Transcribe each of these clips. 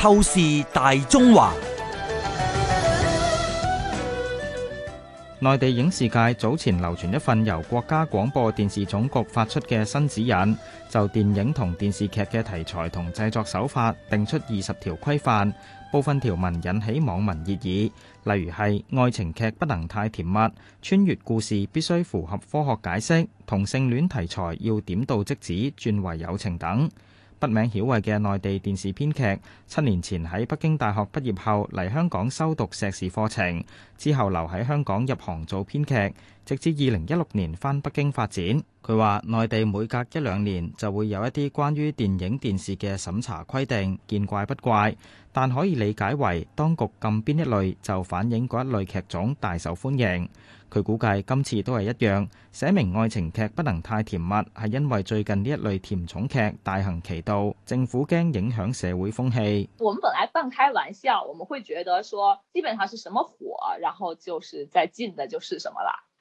透視大中華，內地影視界早前流傳一份由國家廣播電視總局發出嘅新指引，就電影同電視劇嘅題材同製作手法定出二十條規範，部分條文引起網民熱議。例如係愛情劇不能太甜蜜，穿越故事必須符合科學解釋，同性戀題材要點到即止，轉為友情等。不名曉惠嘅內地電視編劇，七年前喺北京大學畢業後嚟香港修讀碩士課程，之後留喺香港入行做編劇，直至二零一六年返北京發展。佢話：內地每隔一兩年就會有一啲關於電影電視嘅審查規定，見怪不怪，但可以理解為當局禁邊一類，就反映嗰一類劇種大受歡迎。佢估計今次都係一樣，寫明愛情劇不能太甜蜜，係因為最近呢一類甜寵劇大行其道，政府驚影響社會風氣。我們本來半開玩笑，我們會覺得說，基本上是什麼火，然後就是在進的，就是什麼啦。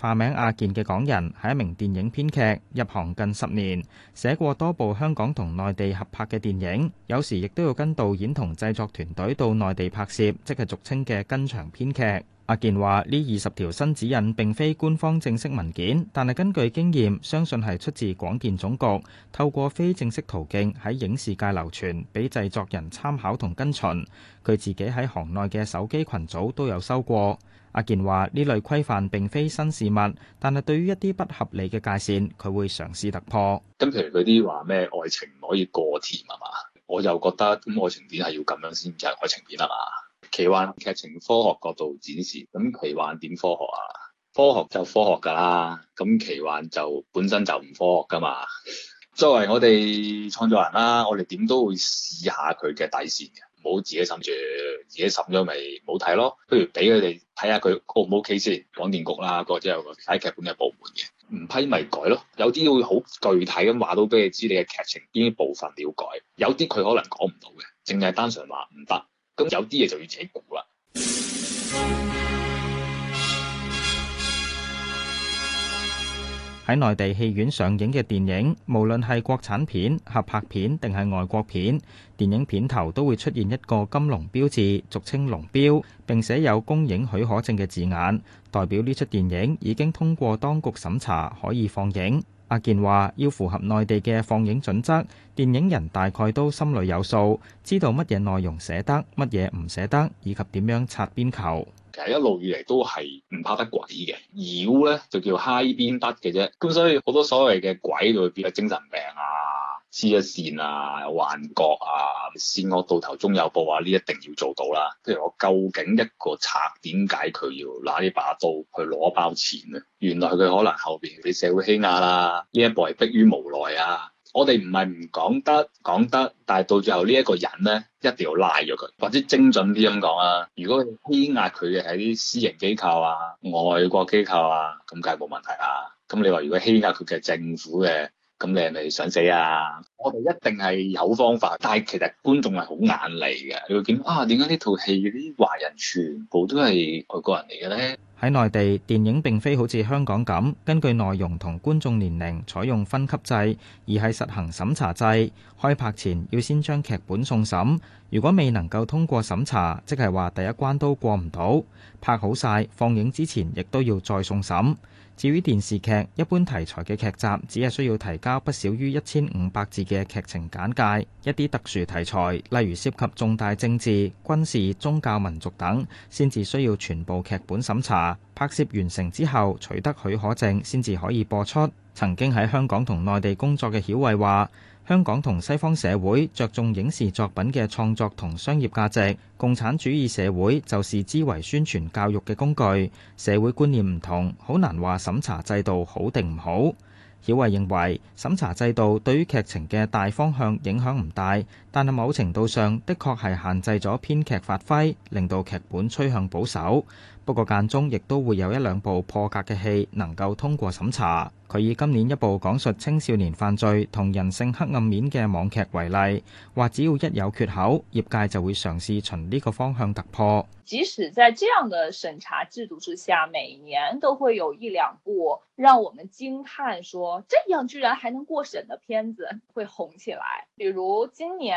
化名阿健嘅港人係一名電影編劇，入行近十年，寫過多部香港同內地合拍嘅電影，有時亦都要跟導演同製作團隊到內地拍攝，即係俗稱嘅跟場編劇。阿健話，呢二十條新指引並非官方正式文件，但係根據經驗，相信係出自廣電總局，透過非正式途徑喺影視界流傳俾製作人參考同跟循。佢自己喺行內嘅手機群組都有收過。阿健話呢類規範並非新事物，但係對於一啲不合理嘅界線，佢會嘗試突破。咁譬如佢啲話咩愛情唔可以過甜係嘛？我就覺得咁愛情片係要咁樣先至係愛情片啦嘛。奇幻劇情科學角度展示，咁奇幻點科學啊？科學就科學噶啦，咁奇幻就本身就唔科學噶嘛。作為我哋創作人啦，我哋點都會試下佢嘅底線嘅。冇自己審住，自己審咗咪冇睇咯。不如俾佢哋睇下佢 O 唔 O K 先，廣電局啦，嗰個即係個睇劇本嘅部門嘅。唔批咪改咯。有啲會好具體咁話到俾你知，你嘅劇情邊啲部分要改。有啲佢可能講唔到嘅，淨係單純話唔得。咁有啲嘢就要自己估啦。 喺內地戲院上映嘅電影，無論係國產片、合拍片定係外國片，電影片頭都會出現一個金龍標誌，俗稱龍標，並寫有公映許可證嘅字眼，代表呢出電影已經通過當局審查，可以放映。阿健話：要符合內地嘅放映準則，電影人大概都心裏有數，知道乜嘢內容寫得，乜嘢唔寫得，以及點樣擦邊球。其實一路以嚟都係唔怕得鬼嘅，妖咧就叫嗨邊得嘅啫。咁所以好多所謂嘅鬼就會變咗精神病啊、黐一線啊、幻覺啊，善惡到頭終有報啊！呢一定要做到啦。譬如我究竟一個賊點解佢要拿呢把刀去攞包錢咧？原來佢可能後邊俾社會欺壓啦，呢一步係迫於無奈啊。我哋唔係唔講得講得，但係到最後呢一個人咧，一定要拉咗佢，或者精準啲咁講啊。如果欺壓佢嘅係啲私營機構啊、外國機構啊，咁梗係冇問題啦、啊。咁你話如果欺壓佢嘅政府嘅，咁你係咪想死啊？我哋一定係有方法，但係其實觀眾係好眼利嘅，你會見到啊，點解呢套戲啲華人全部都係外國人嚟嘅咧？喺內地，電影並非好似香港咁，根據內容同觀眾年齡採用分級制，而係實行審查制。開拍前要先將劇本送審，如果未能夠通過審查，即係話第一關都過唔到。拍好晒，放映之前，亦都要再送審。至於電視劇，一般題材嘅劇集只係需要提交不少於一千五百字嘅劇情簡介，一啲特殊題材，例如涉及重大政治、軍事、宗教、民族等，先至需要全部劇本審查。拍攝完成之後，取得許可證先至可以播出。曾經喺香港同內地工作嘅曉慧話：香港同西方社會着重影視作品嘅創作同商業價值，共產主義社會就是之為宣傳教育嘅工具。社會觀念唔同，好難話審查制度好定唔好。曉慧認為審查制度對於劇情嘅大方向影響唔大。但係某程度上的確係限制咗編劇發揮，令到劇本趨向保守。不過間中亦都會有一兩部破格嘅戲能夠通過審查。佢以今年一部講述青少年犯罪同人性黑暗面嘅網劇為例，話只要一有缺口，業界就會嘗試循呢個方向突破。即使在這樣嘅審查制度之下，每年都會有一兩部讓我們驚嘆，說這樣居然還能過審的片子會紅起來。比如今年。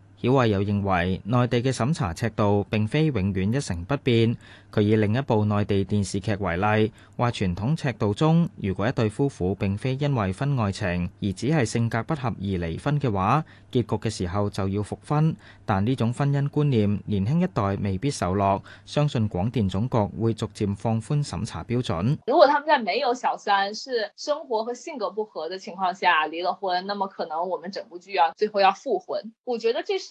小慧又認為，內地嘅審查尺度並非永遠一成不變。佢以另一部內地電視劇為例，話傳統尺度中，如果一對夫婦並非因為婚外情而只係性格不合而離婚嘅話，結局嘅時候就要復婚。但呢種婚姻觀念年輕一代未必受落，相信廣電總局會逐漸放寬審查標準。如果他們在沒有小三是生活和性格不合嘅情況下離了婚，那麼可能我們整部劇啊，最後要復婚。我覺得這是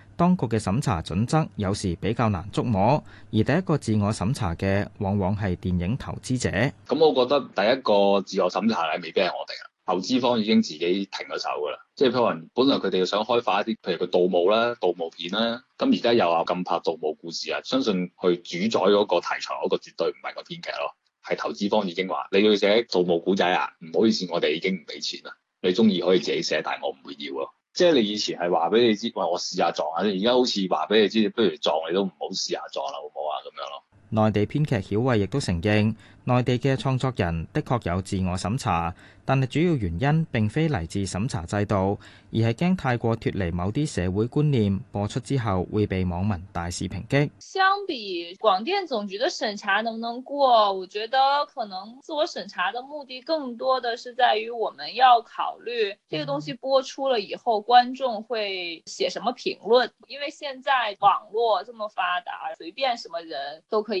當局嘅審查準則有時比較難捉摸，而第一個自我審查嘅，往往係電影投資者。咁、嗯、我覺得第一個自我審查咧，未必係我哋啊。投資方已經自己停咗手噶啦，即係可能本來佢哋想開發一啲，譬如佢「盜墓啦、盜、嗯、墓片啦，咁而家又話咁拍盜墓故事啊。相信佢主宰嗰個題材嗰個絕對唔係個編劇咯，係投資方已經話你要寫盜墓古仔啊，唔好意思，我哋已經唔俾錢啦。你中意可以自己寫，但係我唔會要咯。即係你以前係話畀你知，喂，我試下撞下先。而家好似話畀你知，不如撞你都唔好試下撞啦，好唔好？內地編劇曉慧亦都承認，內地嘅創作人的確有自我審查，但係主要原因並非嚟自審查制度，而係驚太過脫離某啲社會觀念，播出之後會被網民大肆抨擊。相比廣電總局嘅審查能不能過，我覺得可能自我審查的目的更多的是在於，我們要考慮這個東西播出了以後，觀眾會寫什麼評論，因為現在網絡這麼發達，隨便什麼人都可以。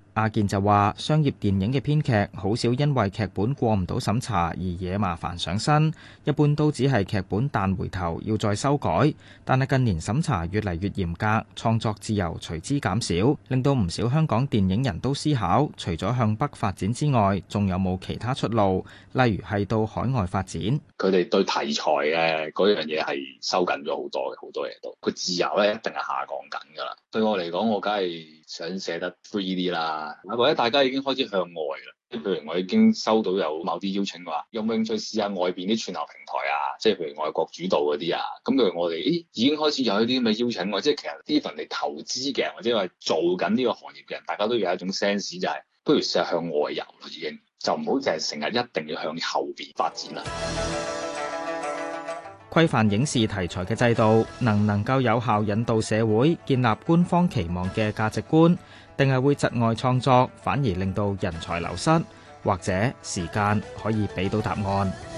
阿健就話：商業電影嘅編劇好少因為劇本過唔到審查而惹麻煩上身，一般都只係劇本但回頭要再修改。但係近年審查越嚟越嚴格，創作自由隨之減少，令到唔少香港電影人都思考，除咗向北發展之外，仲有冇其他出路？例如係到海外發展。佢哋對題材嘅嗰樣嘢係收緊咗好多嘅，好多嘢都。佢自由咧一定係下降緊㗎啦。對我嚟講，我梗係想寫得 free 啲啦。啊，或者大家已經開始向外啦，即譬如我已經收到有某啲邀請話，有冇興趣試下外邊啲串流平台啊？即係譬如外國主導嗰啲啊，咁譬如我哋誒已經開始有啲咁嘅邀請喎，即係其實 even 你投資嘅或者話做緊呢個行業嘅人，大家都有一種 sense 就係，不如試下向外遊啦，已經就唔好淨係成日一定要向後邊發展啦。規範影視題材嘅制度，能唔能夠有效引導社會建立官方期望嘅價值觀，定係會窒礙創作，反而令到人才流失，或者時間可以俾到答案。